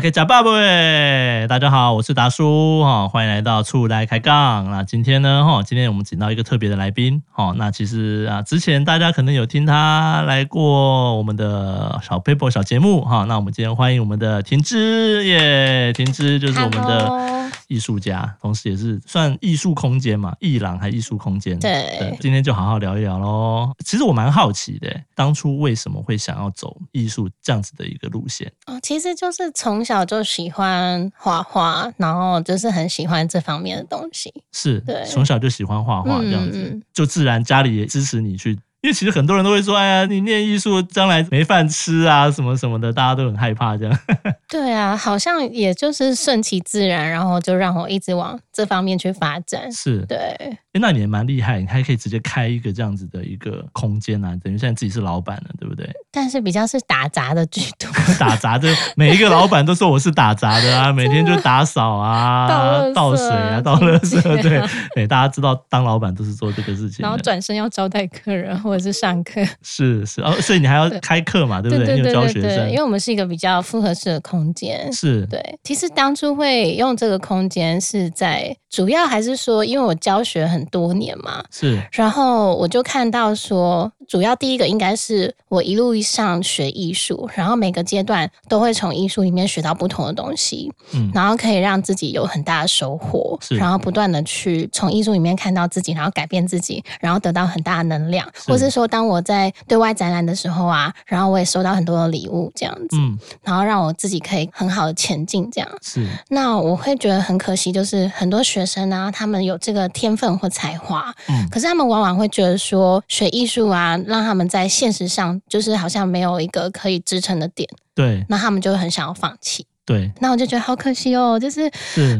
各位呷飽未，大家好，我是達叔，哈、哦，歡迎來到厝內開槓。那、啊、今天呢，哈、哦，今天我們請到一個特別的來賓，哈、哦，那其實啊，之前大家可能有聽他來過我們的小 paper 小節目，哈、哦，那我們今天歡迎我們的婷芝耶，婷芝就是我們的藝術家，Hello. 同時也是算藝術空間嘛，藝廊還是藝術空間，對，對，今天就好好聊一聊嘍。其實我蠻好奇的，當初為什麼會想要走藝術這樣子的一個路線？哦，其實就是從。小就喜歡畫畫，然後就是很喜歡這方面的東西。是，對，從小就喜歡畫畫，這樣子、嗯、就自然家裡也支持你去。因為其實很多人都會說：“哎呀，你念藝術將來沒飯吃啊，什麼什麼的。”大家都很害怕這樣。 對啊，好像也就是順其自然，然後就讓我一直往這方面去發展是對，哎，那你也蠻厲害，你還可以直接開一個這樣子的一個空間啊，等於現在自己是老板了，對不對？但是比較是打雜的居多， 打雜的每一個老板都說我是打雜的啊， 的每天就打掃啊、啊倒水啊、倒垃圾，見對，對，大家知道當老板都是做這個事情，然後轉身要招待客人或者是上課，是是哦，所以你還要開課嘛，對，對不對？你有教學生對對對對對，因為我們是一個比較複合式的空間，是對，其實當初會用這個空間是在。主要還是說，因為我教學很多年嘛，是，然後我就看到說，主要第一個應該是我一路一上學藝術，然後每個階段都會從藝術裡面學到不同的東西，嗯，然後可以讓自己有很大的收穫，是，然後不斷的去從藝術裡面看到自己，然後改變自己，然後得到很大的能量，是，或是說，當我在對外展覽的時候啊，然後我也收到很多的禮物這樣子，嗯，然後讓我自己可以很好的前進這樣，是，那我會覺得很可惜，就是很多。學生啊，他們有這個天分或才華，嗯，可是他們往往會覺得說，學藝術啊，讓他們在現實上就是好像沒有一個可以支撐的點，對，那他們就很想要放棄，對。那我就覺得好可惜哦，就是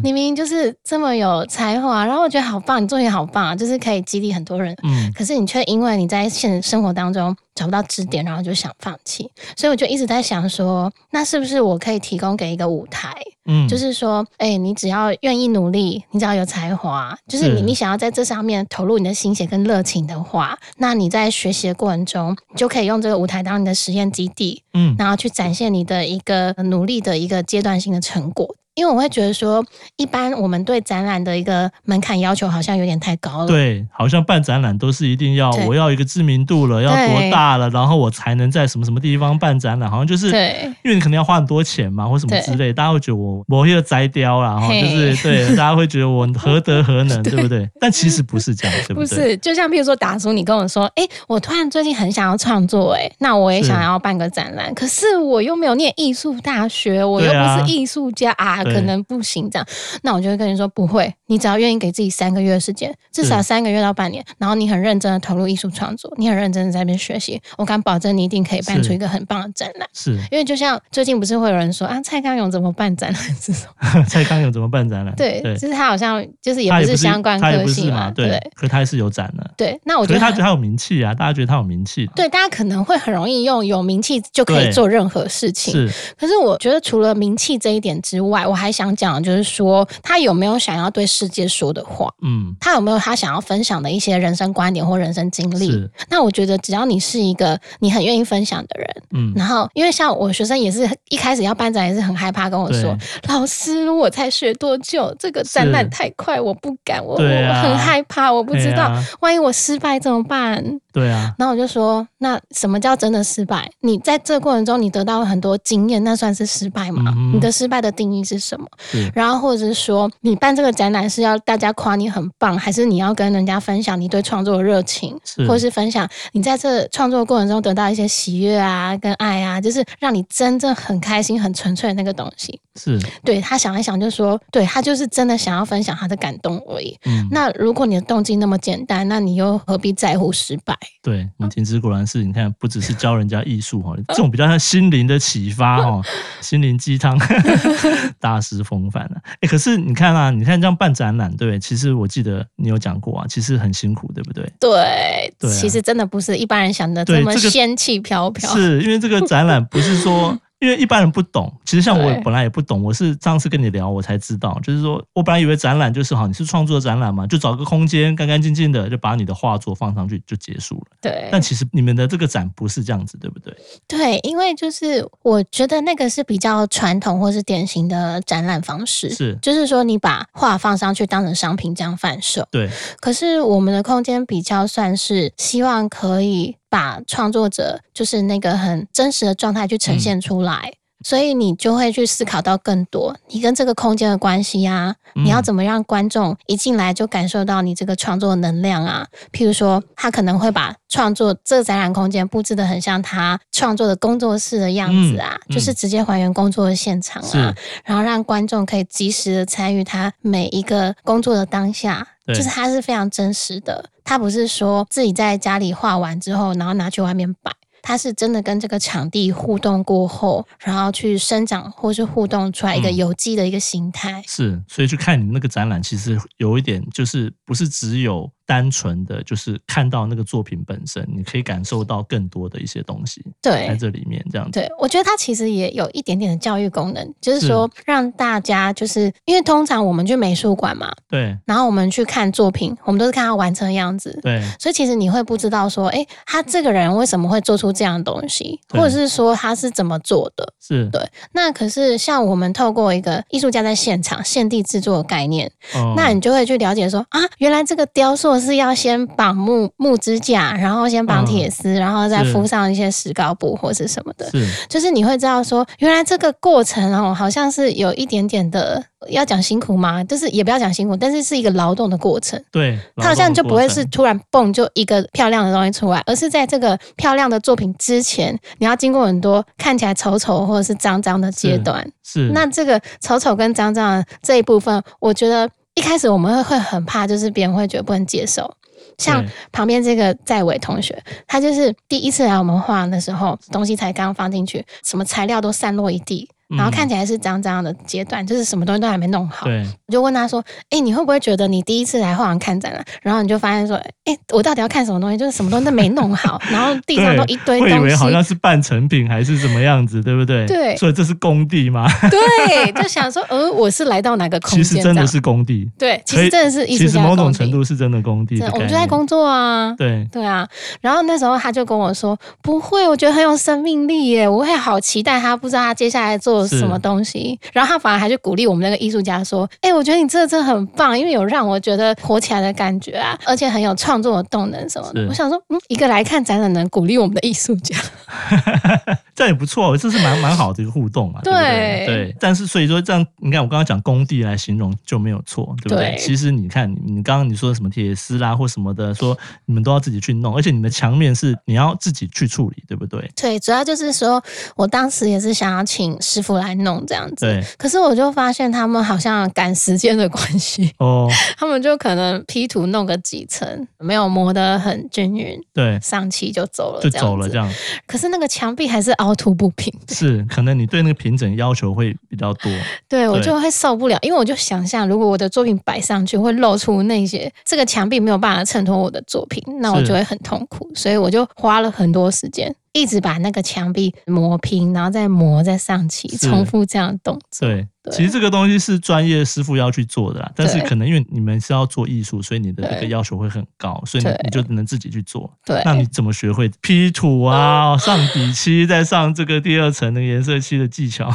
明明就是這麼有才華啊，然後我覺得好棒，你做也好棒啊，就是可以激勵很多人，嗯。可是你卻因為你在現實生活當中找不到支點，然後就想放棄，所以我就一直在想說，那是不是我可以提供給一個舞台？嗯，就是說，哎，你只要願意努力，你只要有才華，就是你你想要在這上面投入你的心血跟熱情的話，那你在學習的過程中，你就可以用這個舞台當你的實驗基地，嗯，然後去展現你的一個努力的一個階段性的成果。因為我會覺得說，一般我們對展覽的一個門檻要求好像有點太高了。對，好像辦展覽都是一定要我要一個知名度了，要多大了，然後我才能在什麼什麼地方辦展覽。好像就是對，因為你可能要花很多錢嘛，或什麼之類，大家會覺得我我也在雕了，哈，就是對，大家會覺得我何德何能，對不對？但其實不是這樣，對不對？不是，就像譬如說達叔，你跟我說，哎，我突然最近很想要創作，哎，那我也想要辦個展覽，可是我又沒有念藝術大學，我又不是藝術家啊。可能不行這樣，那我就會跟你說不會。你只要願意給自己三個月的時間，至少三個月到半年，然後你很認真的投入藝術創作，你很認真的在那邊學習，我敢保證你一定可以辦出一個很棒的展覽。是，因為就像最近不是會有人說啊，蔡康永怎麼辦展覽？ 蔡康永怎麼辦展覽？對，對就是他好像就是也不是相關科系嘛，嘛對。對可他還是有展的。對，那我覺得他他，覺得他有名氣啊，大家覺得他有名氣。對，大家可能會很容易用有名氣就可以做任何事情。是，可是我覺得除了名氣這一點之外，我。我還想講，就是說他有沒有想要對世界說的話？嗯，他有沒有他想要分享的一些人生觀點或人生經歷？是那我覺得，只要你是一個你很願意分享的人，嗯，然後因為像我學生也是一開始要班長，也是很害怕跟我說，對老師，我才學多久？這個展覽太快，是我不敢，我、啊、我很害怕，我不知道，啊、萬一我失敗怎麼辦？對啊，然後我就說，那什麼叫真的失敗？你在這過程中，你得到了很多經驗，那算是失敗嗎？嗯、哼你的失敗的定義是什麼？是然後，或者是說，你辦這個展覽是要大家誇你很棒，還是你要跟人家分享你對創作的熱情，是或者是分享你在這創作過程中得到一些喜悅啊、跟愛啊，就是讓你真正很開心、很純粹的那個東西？是，對，他想一想，就說，對，他就是真的想要分享他的感動而已。嗯、那如果你的動機那麼簡單，那你又何必在乎失敗？對，你廷知果然是你看，不只是教人家藝術哈，這種比較像心靈的啟發哈、哦， 心靈雞湯大師風範、啊欸、可是你看啊，你看這樣辦展覽，對，其實我記得你有講過啊，其實很辛苦，對不對？對，對、啊，其實真的不是一般人想的這麼、這個、仙氣飄飄。是因為這個展覽不是說。 因為一般人不懂，其實像我本來也不懂，對我是上次跟你聊，我才知道，就是說我本來以為展覽就是好，你是創作展覽嘛，就找個空間乾干淨淨的，就把你的畫作放上去就結束了。對。但其實你們的這個展不是這樣子，對不對？對，因為就是我覺得那個是比較傳統或是典型的展覽方式，是就是說你把畫放上去當成商品這樣販售。對。可是我們的空間比較算是希望可以。把創作者就是那個很真實的狀態去呈現出來。嗯。所以你就會去思考到更多，你跟這個空間的關係啊，嗯、你要怎麼讓觀眾一進來就感受到你這個創作的能量啊？譬如說，他可能會把創作這個展覽空間佈置的很像他創作的工作室的樣子啊，嗯嗯、就是直接還原工作的現場啊，是然後讓觀眾可以及時的參與他每一個工作的當下，對就是他是非常真實的，他不是說自己在家裡畫完之後，然後拿去外面擺。它是真的跟這個場地互動過後，然後去生長或是互動出來一個有機的一個形態。嗯、是，所以去看你那個展覽，其實有一點就是不是只有單純的就是看到那個作品本身，你可以感受到更多的一些東西。對，在這裡面這樣子，對，我覺得它其實也有一點點的教育功能，就是說讓大家就是，因為通常我們去美術館嘛，對，然後我們去看作品，我們都是看它完成的樣子，對。所以其實你會不知道說，哎、欸，他這個人為什麼會做出這樣東西？對或者是說他是怎麼做的？是對。那可是像我們透過一個藝術家在現場現地製作的概念，嗯、那你就會去了解說，啊，原來這個雕塑。就是要先綁木木支架，然後先綁鐵絲，嗯、然後再敷上一些石膏布或是什麼的。是，就是你會知道說，原來這個過程哦，好像是有一點點的要講辛苦嗎？就是也不要講辛苦，但是是一個勞動的過程。對，它好像就不會是突然蹦就一個漂亮的東西出來，而是在這個漂亮的作品之前，你要經過很多看起來醜醜或者是髒髒的階段。是，是那這個醜醜跟髒髒這一部分，我覺得。一開始我們會會很怕，就是別人會覺得不能接受。像旁邊這個在偉同學，他就是第一次來我們畫廊的時候，東西才剛剛放進去，什麼材料都散落一地。然後看起來是這樣這樣的階段，就是什麼東西都還沒弄好。對，我就問他說：“哎，你會不會覺得你第一次來畫廊看展覽，啊，然後你就發現說，哎，我到底要看什麼東西？就是什麼東西都沒弄好，然後地上都一堆東西，我以為好像是半成品還是什麼樣子，對不對？對，所以這是工地嗎？對，就想說，哦，嗯，我是來到哪個空間？其實真的是工地。對，其實真的是一直其實某種程度是真的工地的。我們就在工作啊。對對啊。然後那時候他就跟我說：“不會，我覺得很有生命力耶，我會好期待他，不知道他接下來做。”.有什麼東西？是然後他反而還去鼓勵我們那個藝術家說：“哎、欸，我覺得你這真的，真的很棒，因為有讓我覺得活起來的感覺啊，而且很有創作的動能什麼的。”是我想說，嗯，一個來看展覽能鼓勵我們的藝術家。 這也不錯，這是蠻蠻好的一個互動嘛，對，對不對？對，但是所以說這樣，你看我剛剛講工地來形容就沒有錯，對不對？對，其實你看你剛剛你說的什麼鐵絲啦或什麼的，說你們都要自己去弄，而且你們牆面是你要自己去處理，對不對？對，主要就是說我當時也是想要請師傅來弄這樣子，對。可是我就發現他們好像趕時間的關係，哦，他們就可能批土弄個幾層，沒有磨得很均勻，對，上漆就走了，就走了這樣。這樣可是那個牆壁還是凹。凹凸不平是，可能你對那個平整要求會比較多。 對，對我就會受不了，因為我就想象，如果我的作品擺上去會露出那些，這個牆壁沒有辦法襯托我的作品，那我就會很痛苦。是所以我就花了很多時間。一直把那個牆壁磨平，然後再磨再上漆，是重複這樣動作。對，對其實這個東西是專業師傅要去做的啦。對但是可能因為你們是要做藝術，所以你的這個要求會很高，對所以你對你就只能自己去做。對。那你怎麼學會 P 圖啊？對上底漆，再上這個第二層的顏色漆的技巧？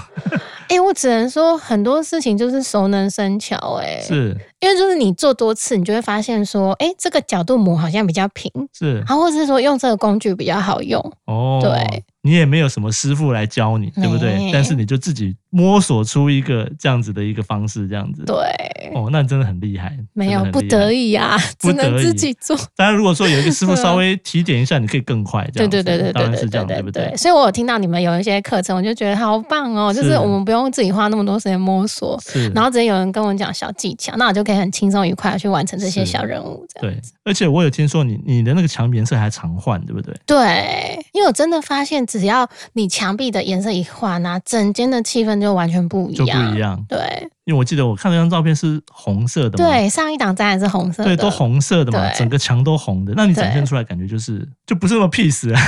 哎、， 欸，我只能說很多事情就是熟能生巧。欸。哎。是。因為就是你做多次，你就會發現說，哎，這個角度膜好像比較平，是，然後或者是說用這個工具比較好用哦。對，你也沒有什麼師傅來教你，對不對？但是你就自己摸索出一個這樣子的一個方式，這樣子，對。哦，那真的很厲害，沒有不得已啊，只能自己做。當然，如果說有一個師傅稍微提點一下，你可以更快。對對對對對，當然是這樣，對不對？所以我有聽到你們有一些課程，我就覺得好棒哦，就是我們不用自己花那麼多時間摸索，然後直接有人跟我講小技巧，那我就可以。很輕鬆愉快的去完成這些小任務這樣子，對，而且我有聽說你，你你的那個牆顏色還常換，對不對？對，因為我真的發現，只要你牆壁的顏色一換啊，那整間的氣氛就完全不一樣，就不一樣。對。因為我記得我看那張照片是紅色的嘛，對，上一檔真的是紅色的，對，都紅色的嘛，對整個牆都紅的，那你展現出來感覺就是對就不是那麼 peace 啊。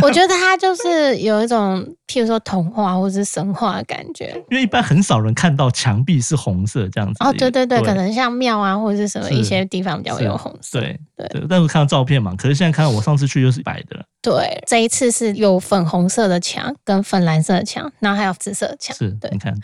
我覺得它就是有一種， 譬如說童話或者是神話的感覺，因為一般很少人看到牆壁是紅色這樣子。哦，對對對，對可能像廟啊或者是什麼一些地方比較有紅色。對。對，但是看到照片嘛，可是現在看到我上次去又是白的。對，這一次是有粉紅色的牆，跟粉藍色的牆，然後還有紫色的牆。是，對你看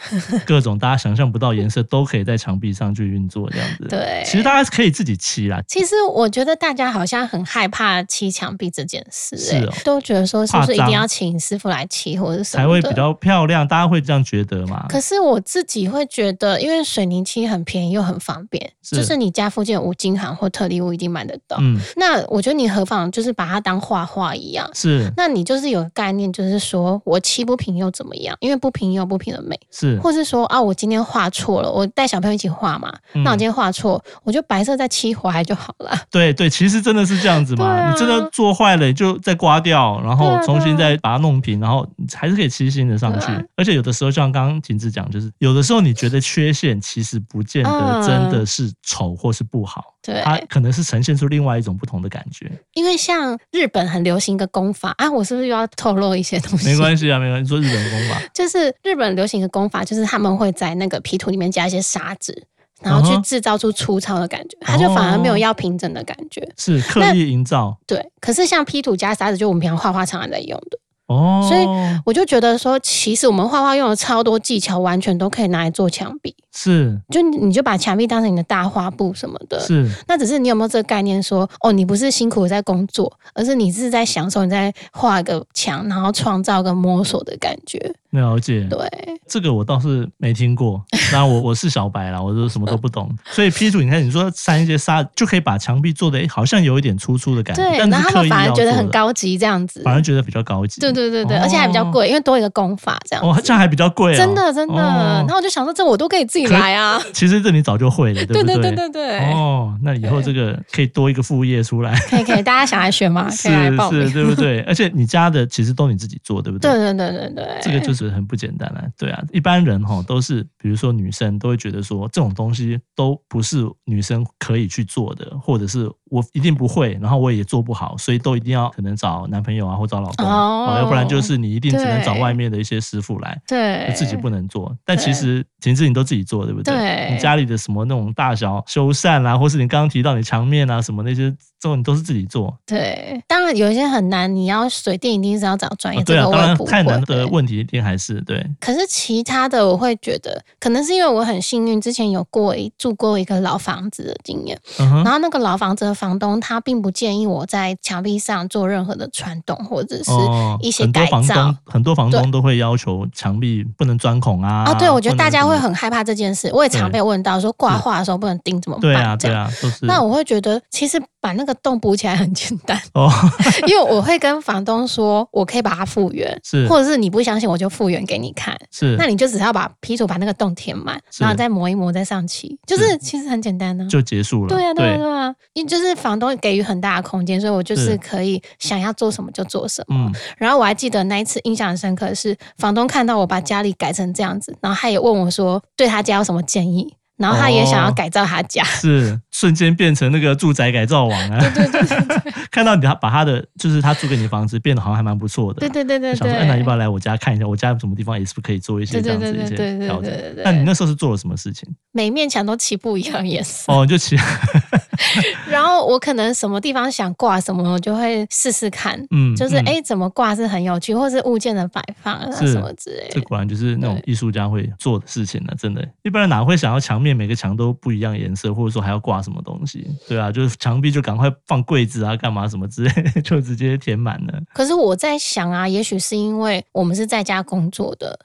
各種大家想象不到顏色 都可以在牆壁上去運作，這樣子。對，其實大家可以自己漆啦。其實我覺得大家好像很害怕漆牆壁這件事，欸，哦、都覺得說是不是一定要請師傅來漆，或者是。才會比較漂亮？大家會這樣覺得嘛。可是我自己會覺得，因為水泥漆很便宜又很方便，是就是你家附近有五金行或特力屋，一定買的。嗯。那我覺得你何妨就是把它當畫畫一樣，是。那你就是有個概念，就是說我漆不平又怎麼樣？因為不平有不平的美，是。或是說啊，我今天畫錯了，我帶小朋友一起畫嘛。嗯、那我今天畫錯，我就白色再漆回來就好了。對對，其實真的是這樣子嘛。啊、你真的做壞了，就再刮掉，然後重新再把它弄平，然後還是可以漆新的上去。啊、而且有的時候，像剛剛景志講，就是有的時候你覺得缺陷，其實不見得真的是醜或是不好，嗯、對。它可能是呈現出。另外一種不同的感覺，因為像日本很流行一個工法啊，我是不是又要透露一些東西？沒關係啊，沒關係。說日本的工法，就是日本流行的工法，就是他們會在那個 P 圖裡面加一些沙子，然後去制造出粗糙的感覺，他、uh huh. 就反而沒有要平整的感覺，oh. 那是刻意營造。對，可是像 P 圖加沙子，就我們平常畫畫常常在用的哦，oh. 所以我就覺得說，其實我們畫畫用了超多技巧，完全都可以拿來做牆壁。是，就你就把牆壁當成你的大畫布什麼的。是，那只是你有沒有這個概念說，哦，你不是辛苦在工作，而是你是在享受你在畫個牆，然後創造個摸索的感覺。了解。對，這個我倒是沒聽過。那我我是小白啦，我就什麼都不懂。所以批土你看，你說撒一些沙就可以把牆壁做得好像有一點粗粗的感覺，對。然後他們反而覺得很高級這樣子，反而覺得比較高級。對對對對，而且還比較貴，因為多一個工法這樣。哦，這樣還比較貴。真的真的。然後我就想說，這我都可以自己。來啊！其實，這你早就會了，對不對？對對對對對哦，oh, 那以後這個可以多一個副業出來。可以可以，大家想來學嗎？可以報。是是，對不對？而且你家的其實都你自己做，對不對？對，對對對對對。這個就是很不簡單了，啊，對啊。一般人哈都是，比如說女生都會覺得說這種東西都不是女生可以去做的，或者是我一定不會，Okay. 然後我也做不好，所以都一定要可能找男朋友啊或找老公，oh, 要不然就是你一定只能找外面的一些師傅來，對，自己不能做。但其實婷芝對你都自己做。對不對？對。你家裡的什麼那種大小修繕啦、啊，或是你剛剛提到你牆面啊什麼那些。你都是自己做，對，當然有一些很難，你要水電一定是要找專業的，對啊，當然太難的問題一定還是對。可是其他的，我會覺得可能是因為我很幸運，之前有過住過一個老房子的經驗，然後那個老房子的房東他並不建議我在牆壁上做任何的穿洞或者是一些改造。很多房東，很多房東都會要求牆壁不能鑽孔啊。啊，對，我覺得大家會很害怕這件事，我也常被問到說掛畫的時候不能釘怎麼辦？對啊，對啊，就是。那我會覺得其實。把那個洞補起來很簡單哦， 因為我會跟房東說，我可以把它復原，是，或者是你不相信，我就復原給你看，是，那你就只要把批土把那個洞填滿，是 然後再磨一磨，再上漆，是 就是其實很簡單的、啊，就結束了。對啊，對啊，對啊，啊、對 因為就是房東給予很大的空間，所以我就是可以想要做什麼就做什麼。是 然後我還記得那一次印象很深刻是房東看到我把家裡改成這樣子，然後他也問我說，對他家有什麼建議？然後他也想要改造他家，是瞬間變成那個住宅改造王啊。對對對，看到你他把他的就是他租給你的房子變得好像還蠻不錯的。對對對對，想說哎那要不要來我家看一下，我家什麼地方也是不可以做一些這樣子一些調整？那你那時候是做了什麼事情？每面牆都漆不一樣顏色。哦，就漆。然後我可能什麼地方想掛什麼，我就會試試看。嗯，就是哎，怎麼掛是很有趣，或是物件的擺放啊什麼之類的。這果然就是那種藝術家會做的事情呢，真的。一般人哪會想要牆？面每個牆都不一樣顏色，或者說還要掛什麼東西，對啊，就是牆壁就趕快放櫃子啊，幹嘛什麼之類的，就直接填滿了。可是我在想啊，也許是因為我們是在家工作的。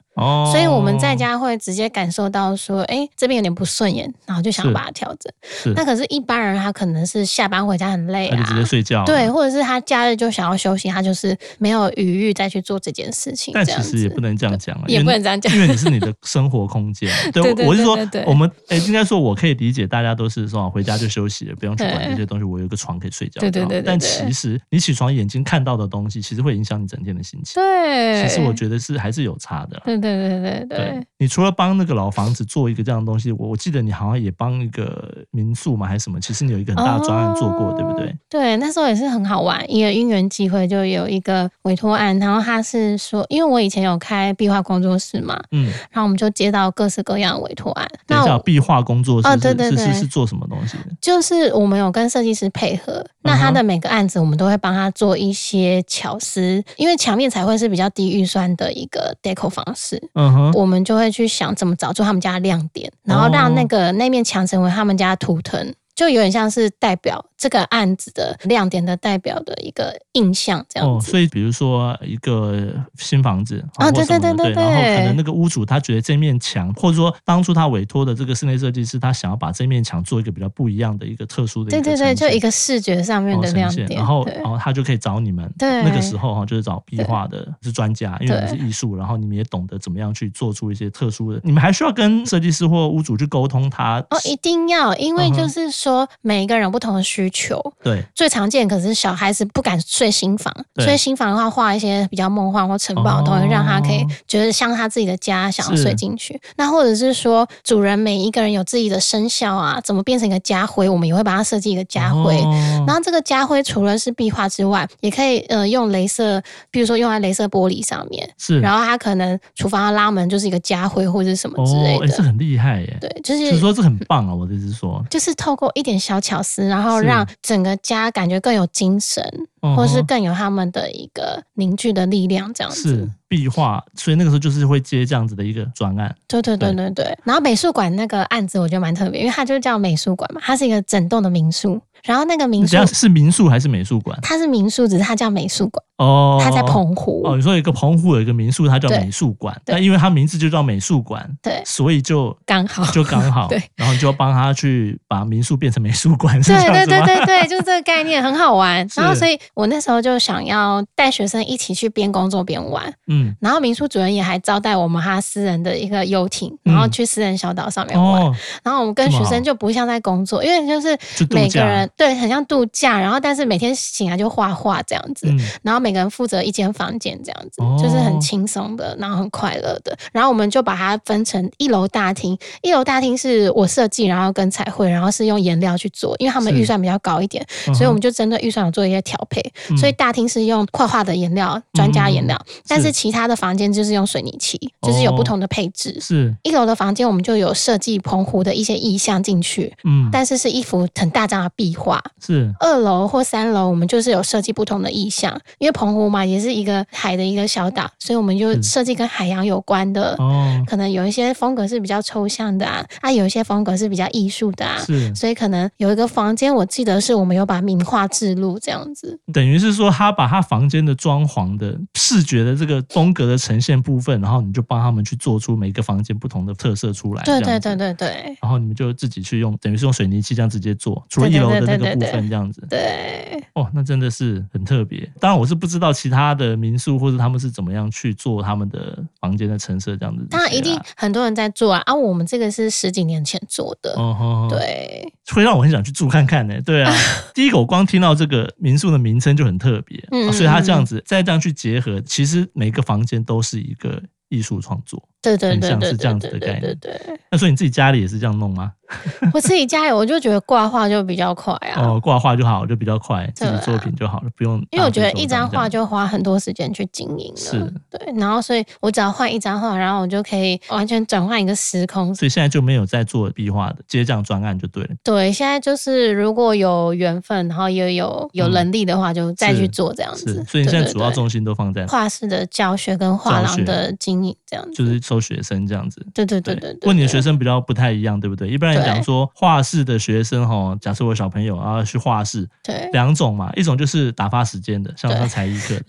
所以我們在家會直接感受到說，哎、欸，這邊有點不順眼，然後就想要把它調整。是是那可是，一般人他可能是下班回家很累、啊、他就直接睡覺、啊。對，或者是他假日就想要休息，他就是沒有餘裕再去做這件事情。但其實也不能這樣講、啊，對為也不能這樣講，因為你是你的生活空間。對，我是說，我們哎、欸，應該說，我可以理解大家都是說、啊、回家就休息了，不用去管這些東西。對我有一個床可以睡覺，對對對,對對對。但其實你起床眼睛看到的東西，其實會影響你整天的心情。對，其實我覺得是還是有差的。對,對,對。對對對對，對，對，你除了幫那個老房子做一個這樣的東西，我我記得你好像也幫一個民宿嘛還是什麼，其實你有一個很大的專案做過，哦、對不對？對，那時候也是很好玩，一個因緣機會就有一個委託案，然後他是說，因為我以前有開壁畫工作室嘛，嗯，然後我們就接到各式各樣的委託案。那我壁畫工作室，哦，對，對，對是，是做什麼東西？就是我們有跟設計師配合，那他的每個案子，我們都會幫他做一些巧思，嗯、哼因為牆面彩繪是比較低預算的一個 deco 方式。嗯哼，我們就會去想怎麼找出他們家的亮點，然後讓那個、哦、那面牆成為他們家的圖騰。就有點像是代表這個案子的亮點的代表的一個印象這樣子，哦、所以比如說一個新房子啊、哦哦、對對對對，對，對，然後可能那個屋主他覺得這面牆，或者說當初他委託的這個室內設計師，他想要把這面牆做一個比較不一樣的一個特殊的，對對對，就一個視覺上面的亮點、哦。然後然後對、哦、他就可以找你們，對。那個時候哈就是找壁畫的對是專家，因為你是藝術，然後你們也懂得怎麼樣去做出一些特殊的，對你們還需要跟設計師或屋主去溝通他哦，一定要，因為就是說、嗯。說每一個人有不同的需求，對，最常見可是小孩子不敢睡新房，所以對新房的話，畫一些比較夢幻或城堡，同樣、哦、讓他可以覺得像他自己的家，想要睡進去。是那或者是說主人每一個人有自己的生肖啊，怎麼變成一個家徽，我們也會把它設計一個家徽。哦、然後這個家徽除了是壁畫之外，也可以呃用鐳射，比如說用在鐳射玻璃上面，是然後他可能廚房的拉門就是一個家徽或者什麼之類的，是、哦欸、很厲害耶。對，就是說是很棒啊、喔，我的意思是說就是透過。一點小巧思，然後讓整個家感覺更有精神。或是更有他們的一個凝聚的力量，這樣子，是，壁畫，所以那個時候就是會接這樣子的一個專案。對對對對對。然後美術館那個案子我覺得蠻特別，因為它就叫美術館嘛，它是一個整棟的民宿。然後那個民宿是民宿還是美術館？它是民宿，只是它叫美術館。哦。它在澎湖。哦，你說有一個澎湖有一個民宿，它叫美術館，但因為它名字就叫美術館，對，所以就剛好，就剛好，對。然後就幫他去把民宿變成美術館。對對對對對，就是這個概念很好玩。然後所以。我那時候就想要帶學生一起去邊工作邊玩，嗯，然後民宿主人也還招待我們哈私人的一個遊艇，嗯、然後去私人小島上面玩，哦、然後我們跟學生就不像在工作，因為就是每個人對很像度假，然後但是每天醒來就畫畫這樣子，嗯、然後每個人負責一間房間這樣子，哦、就是很輕鬆的，然後很快樂的，然後我們就把它分成一樓大廳，一樓大廳是我設計，然後跟彩繪，然後是用顏料去做，因為他們預算比較高一點，是所以我們就針對預算有做一些調配。嗯所以大廳是用繪畫的顏料、嗯、專家顏料，嗯、但是其他的房間就是用水泥漆，哦、就是有不同的配置。是，一樓的房間我們就有設計澎湖的一些意象進去，嗯，但是是一幅很大張的壁畫。是，二樓或三樓我們就是有設計不同的意象，因為澎湖嘛也是一個海的一個小島，所以我們就設計跟海洋有關的，哦是，可能有一些風格是比較抽象的啊，啊，有一些風格是比較藝術的、啊，是，所以可能有一個房間我記得是我們有把名畫置入這樣子。等於是說，他把他房間的裝潢的視覺的這個風格的呈現部分，然後你就幫他們去做出每個房間不同的特色出來。對對對對對。然後你們就自己去用，等於是用水泥漆這樣直接做，除了一樓的那個部分這樣子。對。哦，那真的是很特別。當然我是不知道其他的民宿或者他們是怎麼樣去做他們的房間的陳設這樣子。當然一定很多人在做啊。啊，我們這個是十幾年前做的。哦吼。對。會讓我很想去住看看呢、欸。對啊。第一個我光聽到這個民宿的名字，名稱就很特別，所以他這樣子再這樣去結合，其實每個房間都是一個藝術創作。對對對，很像是這樣子的概念。那所以你自己家裡也是這樣弄嗎？我自己家裡我就覺得掛畫就比較快啊。哦，掛畫就好，就比較快，自己作品就好了，不用。因為我覺得一張畫就花很多時間去經營。是。對。然後所以，我只要換一張畫，然後我就可以完全轉換一個時空。所以現在就沒有在做壁畫的，直接這樣專案就對了。對，現在就是如果有緣分，然後又有有能力的話，就再去做這樣子。是。所以你現在主要重心都放在畫室的教學跟畫廊的經營這樣子。就是。收學生這樣子，對對對對對,對。問你的學生比較不太一樣，對不對？一般來講，說畫室的學生哈、喔，假設我有小朋友啊要去畫室，對,對，兩種嘛，一種就是打發時間的，像上才藝課。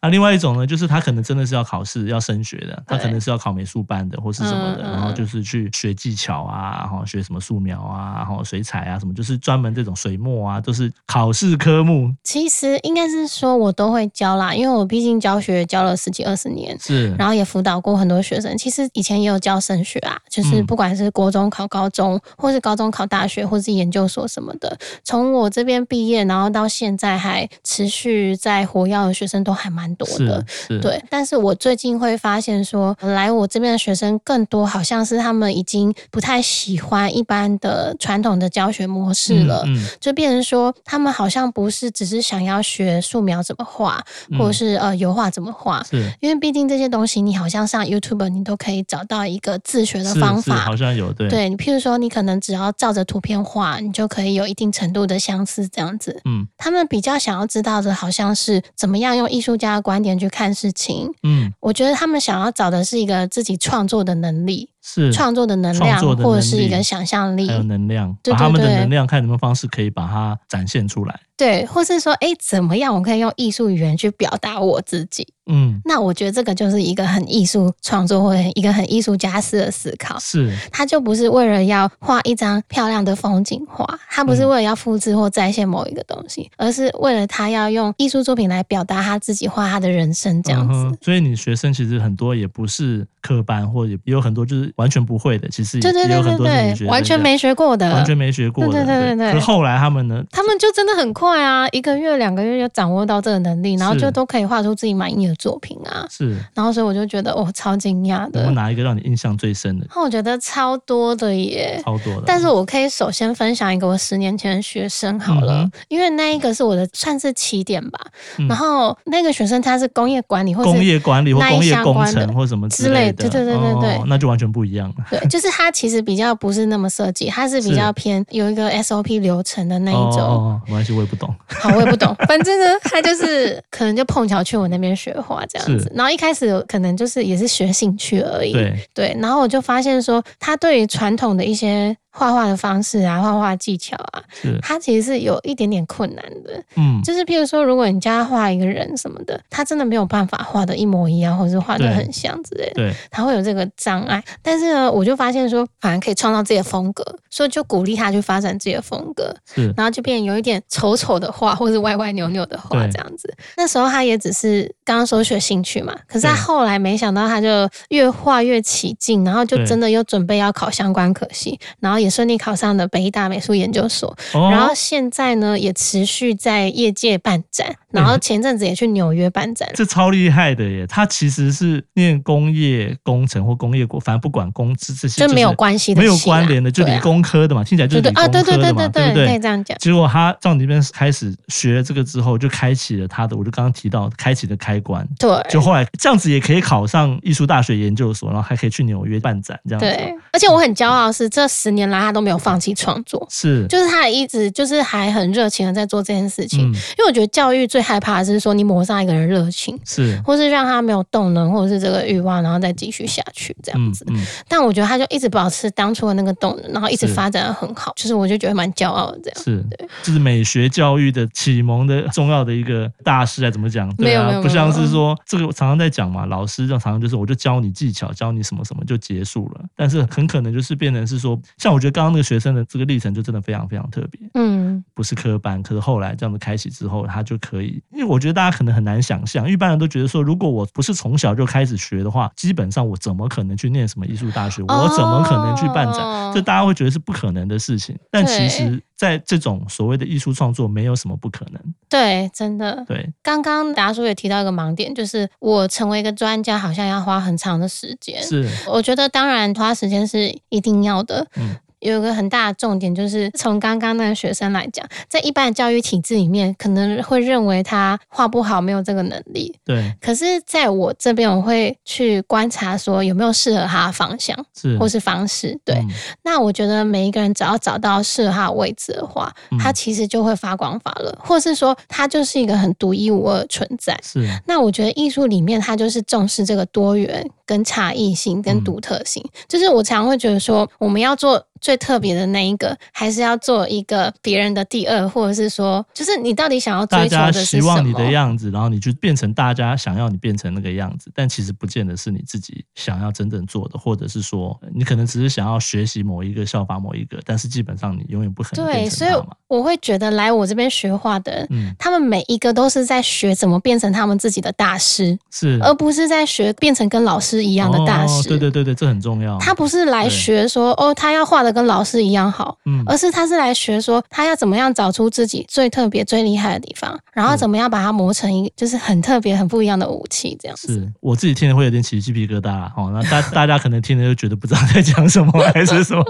那、啊、另外一種呢，就是他可能真的是要考試、要升學的，他可能是要考美術班的，或是什麼的，嗯、然後就是去學技巧啊，然後學什麼素描啊，然後水彩啊，什麼就是專門這種水墨啊，都、就是考試科目。其實應該是說我都會教啦，因為我畢竟教學教了十幾二十年，是，然後也輔導過很多學生。其實以前也有教升學啊，就是不管是國中考高中，或是高中考大學，或是研究所什麼的。從我這邊畢業，然後到現在還持續在活躍的學生都還蠻多的對，但是我最近會發現說，來我這邊的學生更多，好像是他們已經不太喜歡一般的傳統的教學模式了，嗯嗯、就變成說，他們好像不是只是想要學素描怎麼畫，嗯、或者是呃油畫怎麼畫，是因為畢竟這些東西你好像上 YouTube 你都可以找到一個自學的方法，好像有對對，你譬如說你可能只要照着圖片畫，你就可以有一定程度的相似這樣子，嗯，他們比較想要知道的好像是怎麼樣用藝術家觀點去看事情，嗯，我覺得他們想要找的是一個自己創作的能力，是創作的能量，能或者是一個想象力，還有能量，對對對，把他們的能量看什麼方式可以把它展現出來。對，或是說，哎，怎麼樣？我可以用藝術語言去表達我自己。嗯，那我覺得這個就是一個很藝術創作，或者一個很藝術家式的思考。是，他就不是為了要畫一張漂亮的風景畫，他不是為了要複製或再現某一個東西，嗯、而是為了他要用藝術作品來表達他自己，畫他的人生這樣子。嗯、所以，你學生其實很多也不是科班，或者也有很多就是完全不會的。其實也，對對對，對對對，對對，完全沒學過的，完全沒學過的，對對對，對，對對對。可是後來他們呢？他們就真的很困。會啊，一個月兩個月就掌握到這個能力，然後就都可以畫出自己滿意的作品啊。是，然後所以我就覺得我、哦、超驚訝的。我拿一個讓你印象最深的？那我覺得超多的耶，超多的。但是我可以首先分享一個我十年前的學生好了，嗯、因為那一個是我的算是起點吧。嗯、然後那個學生他是工業管理或工業管理或工業工程或什麼之類的，類對對對對對、哦，那就完全不一樣了。對，就是他其實比較不是那麼設計，他是比較偏有一個 SOP 流程的那一種、哦。哦，沒關係，我也不。懂 好，我也不懂。 反正呢，他就是可能就碰巧去我那邊學畫這樣子。是 然後一開始可能就是也是學興趣而已。對，對，然後我就發現說，他對於傳統的一些。畫畫的方式啊，畫畫技巧啊，他是其實是有一點點困難的。嗯，就是譬如說，如果你教他畫一個人什麼的，他真的沒有辦法畫得一模一樣，或者畫得很像之類的。他會有這個障礙。但是呢，我就發現說，反而可以創造自己的風格，所以就鼓勵他去發展自己的風格。是然後就變成有一點醜醜的畫，或者歪歪扭扭的畫這樣子。對那時候他也只是剛剛說學興趣嘛，可是他後來沒想到他就越畫越起勁，然後就真的又準備要考相關科系。對然後也。順利考上了北藝大美術研究所，哦、然後現在呢也持續在業界辦展。然後前陣子也去紐約辦展、欸，這超厲害的耶！他其實是念工業工程或工業國，反正不管工資這些就沒有關係的系，沒有關聯的，就理工科的嘛，啊、聽起來就是理工科的嘛，對可對，對，對，對，對，對。對對可以這樣講。結果他到那邊開始學了這個之後，就開啟了他的，我就剛剛提到開啟的開關，對，就後來這樣子也可以考上藝術大學研究所，然後還可以去紐約辦展，這樣子對。而且我很驕傲是、嗯、這十年來他都沒有放棄創作，是，就是他一直就是還很熱情的在做這件事情，嗯、因為我覺得教育最。最害怕的是說你抹殺一個人熱情，是，或是讓他沒有動能，或者是這個慾望，然後再繼續下去這樣子。嗯嗯、但我覺得他就一直保持當初的那個動能，然後一直發展的很好，是就是我就覺得蠻驕傲的這樣。是，對，就是美學教育的啟蒙的重要的一個大師啊，怎麼講？對啊，不像是說這個我常常在講嘛，老師就常常就是我就教你技巧，教你什麼什麼就結束了。但是很可能就是變成是說，像我覺得剛剛那個學生的這個歷程就真的非常非常特別。嗯，不是科班，可是後來這樣子開啟之後，他就可以。因為我覺得大家可能很難想象，一般人都覺得說，如果我不是從小就開始學的話，基本上我怎麼可能去念什麼藝術大學？哦、我怎麼可能去辦展？這大家會覺得是不可能的事情。但其實，在這種所謂的藝術創作，沒有什麼不可能。對，對，真的。對，剛剛達叔也提到一個盲點，就是我成為一個專家，好像要花很長的時間。是，我覺得當然花時間是一定要的。嗯。有一個很大的重點，就是從剛剛那個學生來講，在一般的教育體制裡面，可能會認為他畫不好，沒有這個能力。對。可是，在我這邊，我會去觀察說有沒有適合他的方向，或是方式。對。那我覺得每一個人只要找到適合他的位置的話，他其實就會發光發熱，或是說他就是一個很獨一無二的存在。是。那我覺得藝術裡面，它就是重視這個多元跟差異性跟獨特性。嗯、就是我常會覺得說，我們要做。最特別的那一個，嗯、還是要做一個別人的第二，或者是說，就是你到底想要追求的是什麼？大家希望你的樣子，然後你就變成大家想要你變成那個樣子，但其實不見得是你自己想要真正做的，或者是說，你可能只是想要學習某一個效法某一個，但是基本上你永遠不可能變成他嘛。對，所以我會覺得來我這邊學畫的、嗯、他們每一個都是在學怎麼變成他們自己的大師，是，而不是在學變成跟老師一樣的大師。哦、對對對對，這很重要。他不是來學說對哦，他要畫的。跟老師一樣好，嗯，而是他是來學說他要怎麼樣找出自己最特別、最厲害的地方，然後怎麼樣把它磨成一個就是很特別、很不一樣的武器，這樣子。是我自己聽了會有點起雞皮疙瘩啊，那大大家可能聽了就覺得不知道在講什麼 還是什麼，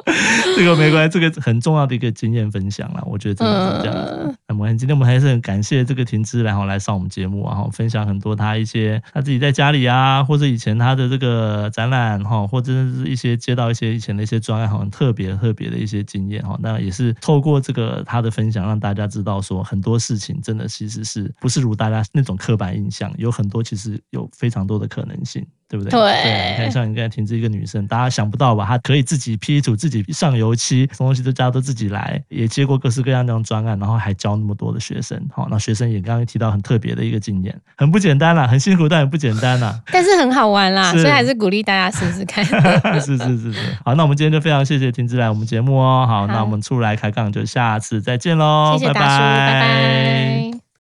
這個沒關係，這個很重要的一個經驗分享了，我覺得真的是這樣子。嗯。我們今天我們還是很感謝這個婷芝，然後來上我們節目啊，然後分享很多他一些他自己在家裡啊，或者以前他的這個展覽哈，或者是一些接到一些以前的一些專案，好像特別特別的一些經驗哈。那也是透過這個他的分享，讓大家知道說很多事情，真的其實是不是如大家那種刻板印象，有很多其實有非常多的可能性。對不對？對，對，啊，你看像你剛才婷芝一個女生，大家想不到吧？她可以自己 P 圖，自己上油漆，什麼東西都加都自己來，也接過各式各樣的專案，然後還教那麼多的學生。好，哦，那學生也剛剛提到很特別的一個經驗，很不簡單啦，啊，很辛苦，但也不簡單啦，啊。但是很好玩啦，啊，是所以還是鼓勵大家試試看。 是是是是。好，那我們今天就非常謝謝婷芝來我們節目哦。好，好，那我們出來開槓，就下次再見嘍，拜拜拜。拜拜。